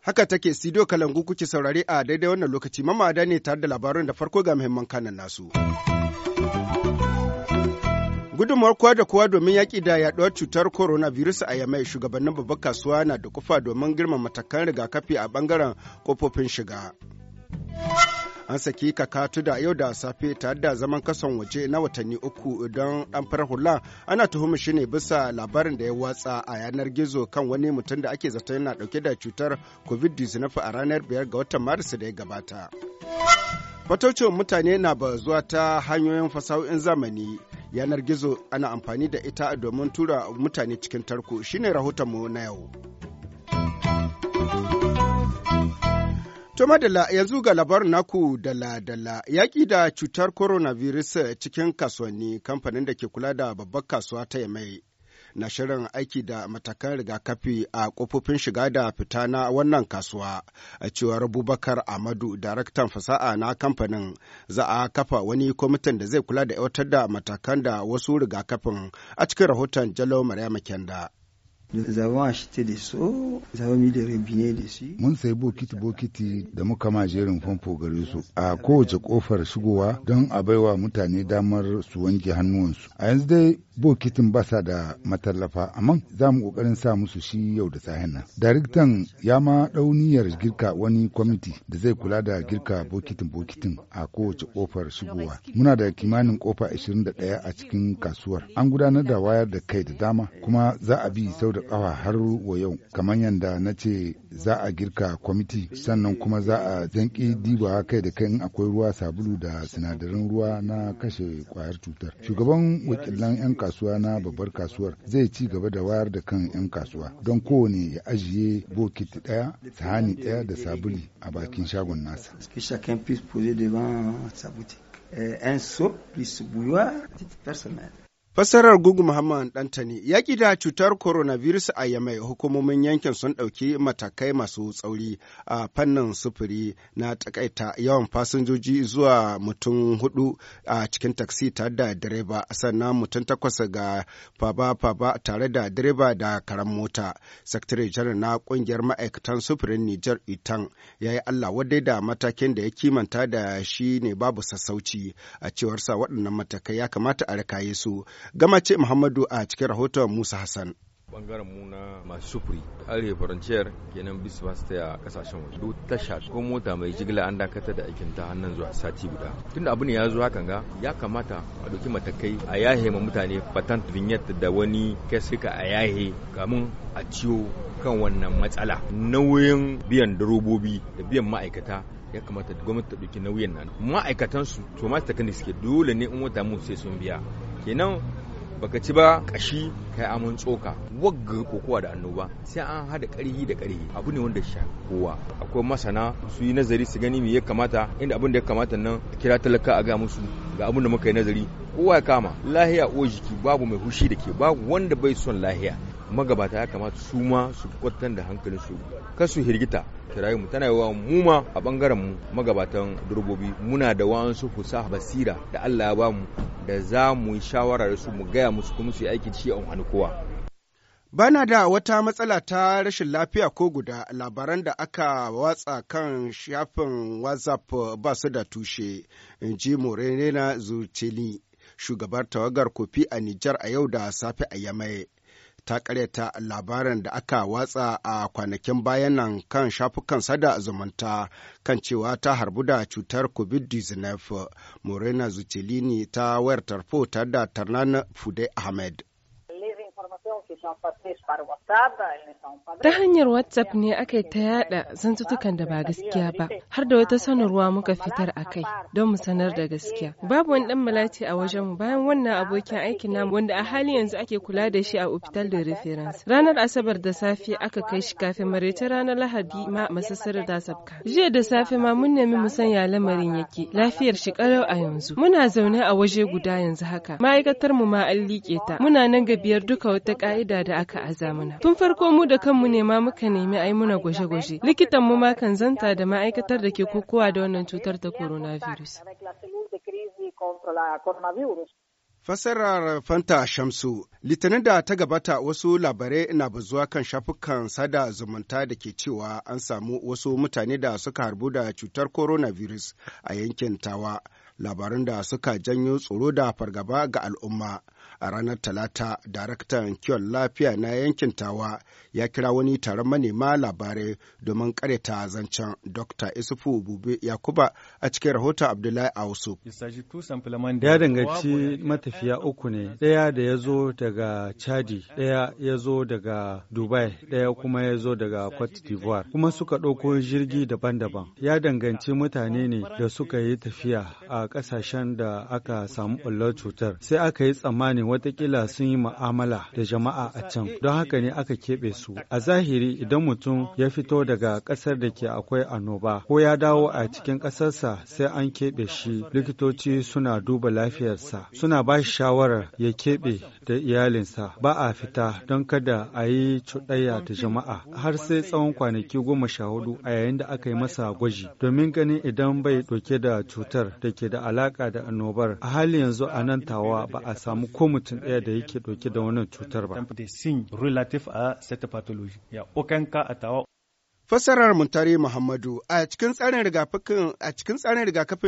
haka take studio kalangu kuke saurare a daidai wannan lokaci mamada ne tare da labaran da farko ga muhimman kanan nasu gudunmuwar kowa da kowa domin yaƙi da yaɗuwar cutar coronavirus a yamai shugabannin babbar kasuwa na da kufa domin girmama matakan rigakafi a ɓangaren kofofin shiga. an saki kakatuda yau da safe tare da zaman kasan waje na watanni uku don dan fara hula ana tuhumi shi ne bisa labarin da ya watsa a yanar gizo kan wani mutum da ake zaton yana dauke da cutar covid-19 a ranar biyar ga watan maris da ya gabata fataucin mutane na bazuwa ta hanyoyin fasahohin zamani yanar gizo ana amfani da ita domin tura mutane cikin tarko shine mu na yau. To madala yanzu ga labarin naku dala-dala yaƙi da cutar coronavirus cikin kasuwanni kamfanin da ke kula da babbar kasuwa ta yamai na shirin aiki da matakan rigakafi a kofofin shiga da fita na wannan kasuwa a cewar bubakar amadu daraktan fasa'a na kamfanin za a kafa wani kwamitin da zai kula da yawatar da matakan da wasu rigakafin a cikin rahoton jalo maryama kenda Mun sayi bokiti-bokiti da muka ma jerin famfo gare su a kowace kofar shigowa don a baiwa mutane damar su wanke hannuwansu. A yanzu dai bokitin basa da matallafa amma za mu kokarin sa musu shi yau da sahen nan. Daraktan ya ma ɗauniyar girka wani kwamiti da zai kula da girka bokitin-bokitin a kowace kofar shigowa. Muna da kimanin kofa 21 a cikin kasuwar. An gudanar da wayar da kai da dama kuma za a bi sau da kawa har wa yau kamar yadda na ce za a girka kwamiti sannan kuma za a zanki diba kai da kai akwai ruwa sabulu da sinadarin ruwa na kashe kwayar cutar shugaban wakilan 'yan kasuwa na babbar kasuwar zai ci gaba da wayar da kan 'yan kasuwa don kowane ya ajiye bokiti ɗaya sahani ɗaya da sabuli a bakin shagon nasa un bouilloire personnel. Fassarar Gugu Muhammad Dantani ya da cutar coronavirus a Yamai hukumomin yankin sun ɗauki matakai masu tsauri a fannin sufuri na takaita yawan fasinjoji zuwa mutum hudu a cikin taksi tare da direba sannan mutum takwas ga faba-faba tare da direba da karan mota. Sakitare janar na ƙungiyar ma'aikatan sufurin Nijar Itan ya yi Allah wadai da matakin da ya kimanta da shi ne babu sassauci a cewarsa waɗannan matakai ya kamata a rikaye su. Gamace Muhammadu a cikin rahoton Musa Hassan. bangaren mu na masu sufuri arewa faranciyar kenan bisu ba su taya kasashen wajen duk tasha ko mota mai jigila an dakatar da aikin ta hannun zuwa sati guda tunda abu ne ya zo hakan ga ya kamata a dauki matakai a yahe ma mutane patent vignette da wani kesika a yahe kamun a ciwo kan wannan matsala nauyin biyan darobobi da biyan ma'aikata ya kamata gwamnati ta ɗauki nauyin nan ma'aikatan su to ma ta suke dole ne in wata mu sai sun biya kenan baka ci ba kashi kai aman tsoka wagga kokowa da annoba sai an hada karhi da karhi abu ne wanda sha kowa akwai masana su yi nazari su gani me ya kamata inda abin da ya kamata nan kira talaka a ga musu ga abin da muka yi nazari kowa ya kama lahiya o jiki babu mai hushi da ke babu wanda bai son lahiya magabata ya kamata su ma su kwatan da hankalin su kasu hirgita mu tana yawa mu ma a bangaren mu magabatan durbobi muna da wasu fusa basira da Allah ya bamu da za mu yi shawara da su mu gaya musu kuma su yi aiki ci a wani kowa Bana da wata matsala ta rashin lafiya ko guda labaran da aka watsa kan shafin WhatsApp ba su da tushe, in ji Morena Zuceli, shugabar tawagar kofi a Nijar a yau da safe a Yamai. ta karyata labarin da aka watsa a kwanakin bayan nan kan shafukan sada zumunta kan cewa ta harbu da cutar covid-19 morena zucellini ta wayar tarfo tare da tarnan fude ahmed Ta hanyar WhatsApp ne aka ta yada zantutukan da ba gaskiya ba, har da wata sanarwa muka fitar a kai don mu sanar da gaskiya. Babu wani dan malati a wajen mu bayan wannan abokin aikin namu wanda a hali yanzu ake kula da shi a Hospital da Reference. Ranar Asabar da safe aka kai shi kafin maraice ranar Lahadi ma masassarar da sabka. Jiya da safe ma mun nemi mu sanya lamarin yake, lafiyar shi karau a yanzu. Muna zaune a waje guda yanzu haka. Ma'aikatar mu ma an liƙe ta. Muna nan ga biyar duka wata ka'ida lalura da aka aza Tun farko mu da kanmu ne ma muka nemi ai muna gwaje-gwaje. Likitan mu ma kan zanta da ma'aikatar da ke kokowa da wannan cutar ta coronavirus. Fassarar Fanta Shamsu Litinin da ta gabata wasu labarai na bazuwa kan shafukan sada zumunta da ke cewa an samu wasu mutane da suka harbu da cutar coronavirus a yankin Tawa, labarin da suka janyo tsoro da fargaba ga al'umma. a ranar talata daraktan kiwon lafiya na yankin tawa ya kira wani taron manema labarai domin karyata zancen dr isufu bube yakuba a cikin rahoto abdullahi ausu ya danganci matafiya uku ne daya da ya zo daga chadi daya ya zo daga dubai ɗaya kuma ya zo daga cote d'ivoire kuma suka ɗauko jirgi daban-daban ya danganci mutane ne da suka yi tafiya a ƙasashen da aka samu ɓullar cutar sai aka yi tsammanin watakila sun yi ma'amala da jama'a a can don haka ne aka keɓe su a zahiri idan mutum ya fito daga ƙasar da ke akwai annoba ko ya dawo a cikin ƙasarsa sai an keɓe shi likitoci suna duba lafiyarsa suna ba shi shawarar ya keɓe da iyalinsa ba a fita don kada a yi cuɗayya da jama'a har sai tsawon kwanaki goma sha hudu a yayin da aka yi masa gwaji domin ganin idan bai ɗauke da cutar da ke da alaƙa da annobar a hali yanzu a nan tawa ba a samu komai mutum ɗaya da yake ɗauke da wannan cutar ba. Fassarar Muntari Muhammadu a cikin tsarin rigakafin a cikin tsarin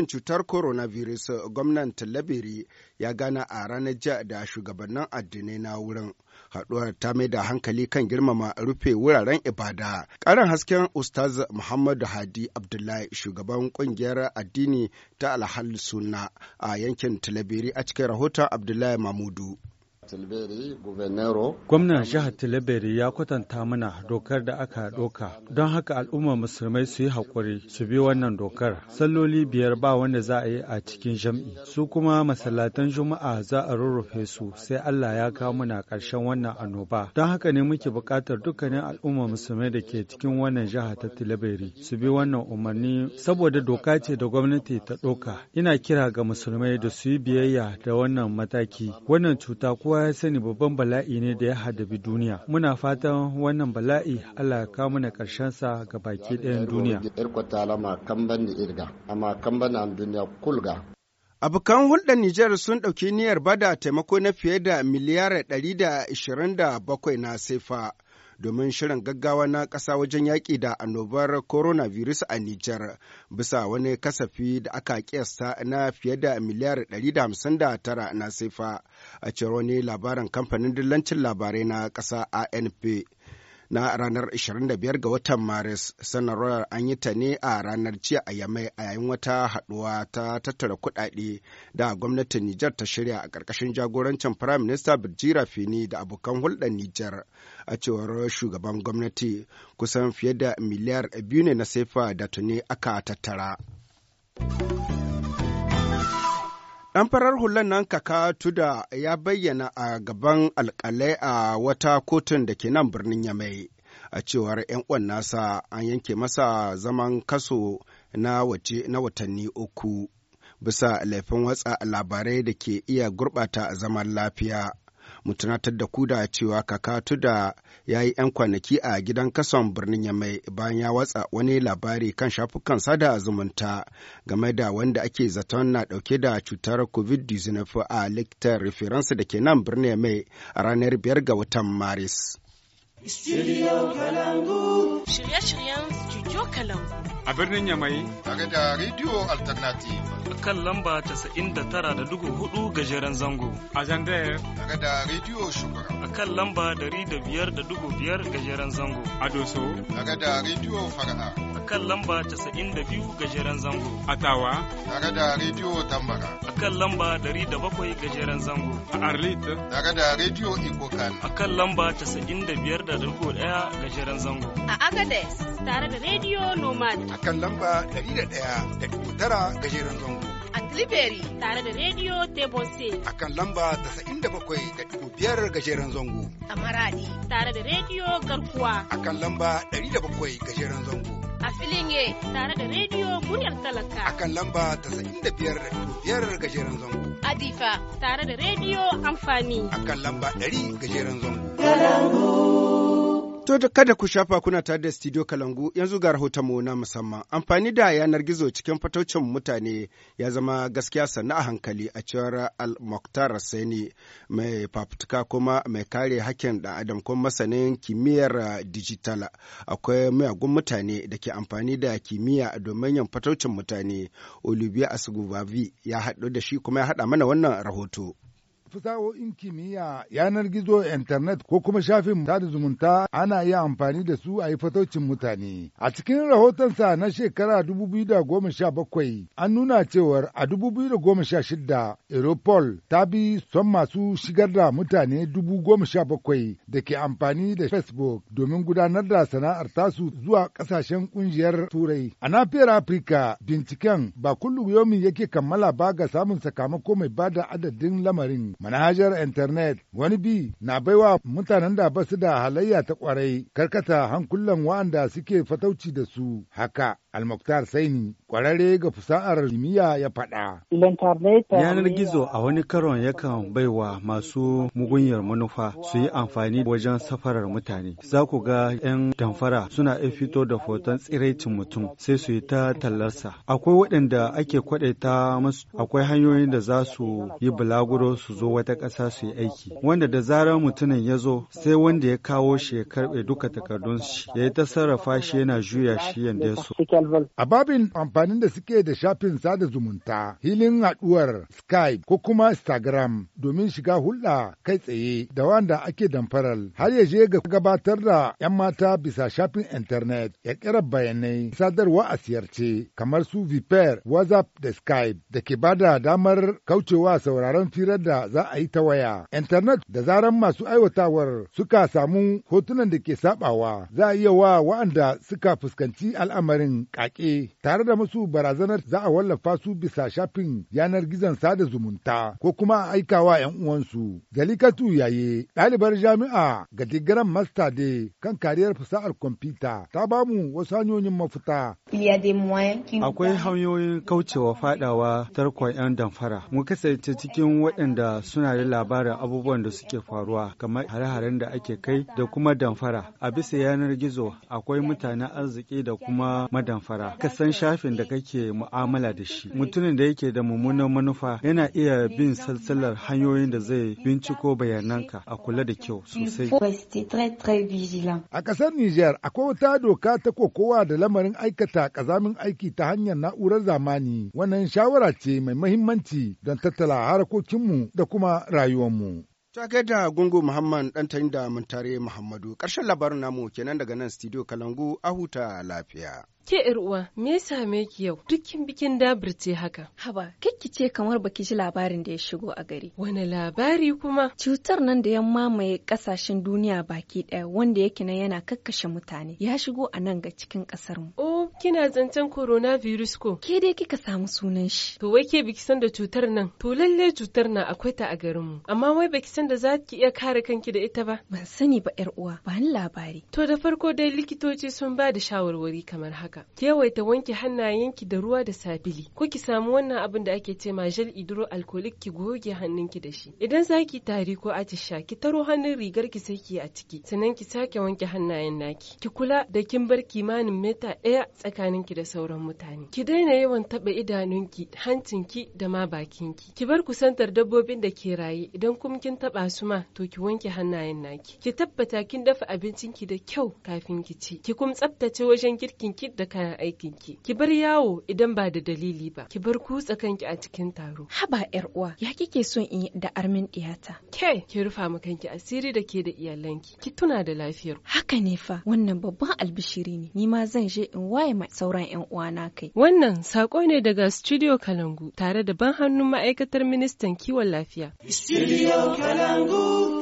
cutar coronavirus gwamnan talabiri ya gana a ranar jiya da shugabannin addinai na wurin. Haɗuwar ta mai da hankali kan girmama rufe wuraren ibada. Ƙarin hasken Ustaz Muhammadu Hadi Abdullahi shugaban ƙungiyar addini ta Alhal suna, a yankin talabiri a cikin rahoton Abdullahi Mamudu. Gwamnan jihar Tilaberi ya kwatanta mana dokar da aka doka don haka al'ummar musulmai su yi haƙuri su bi wannan dokar. Salloli biyar ba wanda za a yi a cikin jam'i. Su kuma masallatan Juma'a za a rurrufe su sai Allah ya kawo muna ƙarshen wannan annoba. Don haka ne muke buƙatar dukkanin al'ummar musulmai da ke cikin wannan jihar ta Tilaberi su bi wannan umarni saboda doka ce da gwamnati ta ɗauka. Ina kira ga musulmai da su yi biyayya da wannan mataki. Wannan cuta kowa ya sani babban bala'i ne da ya haddabi duniya. Muna fatan wannan bala'i Allah ka mana ƙarshen sa ga baki ɗayan duniya. Abokan hulɗar Nijar sun ɗauki niyyar bada taimako na fiye da miliyar 127 na sefa. domin shirin gaggawa na ƙasa wajen yaƙi da annobar coronavirus a Nijar bisa wani kasafi da aka kiyasta na fiye da miliyar 159 na sifa a cewar wani labarin kamfanin dillancin labarai na ƙasa ANP. na ranar 25 ga watan Maris. Sanarwar an yi ta ne a ranar jiya a Yamai a yayin wata haduwa ta tattara kudade da gwamnatin Nijar ta shirya a ƙarƙashin jagorancin Prime Minister Birjira Fini da abokan hulɗar Nijar. A cewar shugaban gwamnati kusan fiye da miliyar biyu ne na sefa da tuni aka tattara. Ɗan farar hulan nan kaka tuda ya bayyana a gaban alƙalai a wata kotun da ke nan birnin Yamai. A cewar 'yan uwan nasa an yanke masa zaman kaso na watanni uku bisa laifin watsa labarai da ke iya gurɓata zaman lafiya mu tunatar da ku da cewa kaka tuda ya yi 'yan kwanaki a gidan kasan birnin ya mai bayan ya watsa wani labari kan shafukan sada zumunta game da wanda ake zaton na dauke da cutar covid-19 a likitan referensu da ke nan birnin yamai a ranar 5 ga watan maris. Studio Kalangu. Shirye-shiryen Studio Kalangu. A birnin Yamai. Tare da Radio Alternative. kan lamba tara da dugu hudu gajeren zango. A Zandayar. Tare da Radio Shugaba. A kan lamba dari da da dugu biyar gajeren zango. A Doso. Tare da Radio Fara'a. kan lamba 92 gajeren zango. a Atawa. ga da Radio Tambara. A kan lamba 107 gajeren zango. A Arlit. ga da Radio Ikokan. A kan lamba 95 da shirin zango. A Agadez tare da Radio Nomad. A kan lamba da ga shirin zango. A Tilibiri tare da Radio Tebose. A kan lamba da biyar ga shirin zango. A Maradi tare da Radio Garkuwa. A kan lamba 107 shirin zango. A Filinge tare da Radio Muryar Talaka. A kan lamba da biyar ga shirin zango. Difa tare da rediyo amfani. A kan lamba 100 shirin zango. Kalangu. To da kada ku shafa kuna tare da studio Kalangu yanzu ga rahoton mu na musamman. Amfani da yanar gizo cikin fataucin mutane ya zama gaskiya sannu a hankali a cewar al Muktar Sani mai fafutuka kuma mai kare hakkin da adam masanin kimiyyar uh, digital. Akwai mayagun mutane da ke amfani da kimiyya domin yin fataucin mutane. Olivia Asugubavi ya haɗu da shi kuma ya haɗa mana wannan rahoto. fasahohin kimiyya yanar gizo intanet ko kuma shafin sada zumunta ana iya amfani da su a yi fatocin mutane. A cikin rahotonsa na shekara 2017 an nuna cewar a 2016 Europol ta bi son masu shigar da mutane 17,000 da ke amfani da Facebook domin gudanar da sana'ar tasu zuwa kasashen kungiyar Turai. A nafiyar Afirka binciken ba kullum yomi yake kammala ba ga samun sakamako mai bada adadin lamarin manhajar internet wani bi na baiwa mutanen da ba su da halayya ta kwarai karkata hankulan wa'anda suke fatauci da su haka Al-Muktar Saini kwararre ga fusa'ar kimiyya ya faɗa. Yanar gizo a wani karon yakan baiwa masu mugunyar manufa su yi amfani wajen safarar mutane. Za ku ga 'yan damfara suna iya fito da foton tsiraicin mutum sai su yi ta tallarsa. Akwai waɗanda ake kwaɗaita masu akwai hanyoyin da za su yi bulaguro su zo wata ƙasa su yi aiki. Wanda da zarar mutumin ya zo sai wanda ya kawo shi ya karɓe duka takardun shi ya yi ta sarrafa shi yana juya shi yanda ya so. A babin amfanin da suke da shafin sada zumunta, hilin haɗuwar Skype ko kuma Instagram domin shiga hulɗa kai tsaye da wanda ake damfarar. har ya je ga gabatar da 'yan mata bisa shafin intanet ya kira bayanai sadarwa a siyarce kamar su Viper, WhatsApp da Skype da ke bada damar kaucewa sauraron firar da za a yi ta waya. Intanet da zaran masu aiwatawar suka samu hotunan da ke sabawa za a iya wa wa'anda suka fuskanci al'amarin Kake, tare da masu barazanar za a wallafa su bisa shafin yanar gizon sada zumunta ko kuma a aika wa 'yan uwansu. Zalikatu yaye ɗalibar jami'a ga digiran masta kan kariyar fasahar kwamfuta ta bamu wasu hanyoyin mafuta Akwai hanyoyin kaucewa fadawa tarkon 'yan damfara. Mun kasance cikin waɗanda suna da labarin abubuwan da suke faruwa kamar hare-haren da ake kai da kuma damfara. A bisa yanar gizo akwai mutanen arziki da kuma madamfara. Ka san shafin da kake mu'amala da shi. Mutumin da yake da mummunan manufa yana iya bin salsalar hanyoyin da zai binciko bayananka a kula da kyau sosai. A ƙasar Nijar akwai wata doka ta kokowa da lamarin aikata aikata kazamin aiki ta hanyar na'urar zamani wannan shawara ce mai mahimmanci don tattala harkokinmu da kuma rayuwarmu. Ta gaida Gungu Muhammad ɗan da Muntare Muhammadu, karshen labarin namu kenan daga nan studio Kalangu a huta lafiya. Ke uwa me ya same ki yau? Dukkin bikin ce haka. Haba, kikki ce kamar baki ji labarin da ya shigo a gari. Wani labari kuma? Cutar nan da ya mamaye kasashen duniya baki ɗaya wanda yake na yana kakkashe mutane ya shigo a nan ga cikin kasar mu. Oh, kina zancen virus ko? Ke dai kika samu sunan shi. To wai ke biki san da cutar nan? To lalle cutar nan akwai ta a garin mu. Amma wai baki san da za ki iya kare kanki da ita ba? Ban sani ba 'yar uwa, ba ni labari. To da farko dai likitoci sun ba da shawarwari kamar haka. haka kewaita wanke hannayenki da ruwa da sabili ko ki samu wannan abin da ake ce ma gel hydro alcoholic ki goge hannunki da shi idan zaki tari ko atisha ki taro hannun rigar ki sai ki a ciki sannan ki sake wanke hannayen naki ki kula da kin bar kimanin mita ɗaya tsakanin ki da sauran mutane ki daina yawan taɓa idanunki ki, da ma bakin ki Ki bar kusantar dabbobin da ke raye idan kuma kin taɓa su ma to ki wanke hannayen naki ki tabbata kin dafa abincinki da kyau kafin ki ci ki kuma tsaftace wajen girkin ki. da kayan aikin ki ki bar yawo idan ba da dalili ba ki bar kutsa kanki a cikin taro haba yar uwa ya kike son in da armin diyata ke ki rufa ma kanki asiri da ke da iyalanki ki tuna da lafiyar haka ne fa wannan babban albishiri ne ni ma zan je in waye ma sauran yan uwana kai wannan sako ne daga studio Kalangu tare da ban hannun ma'aikatar ministan kiwon lafiya studio Kalangu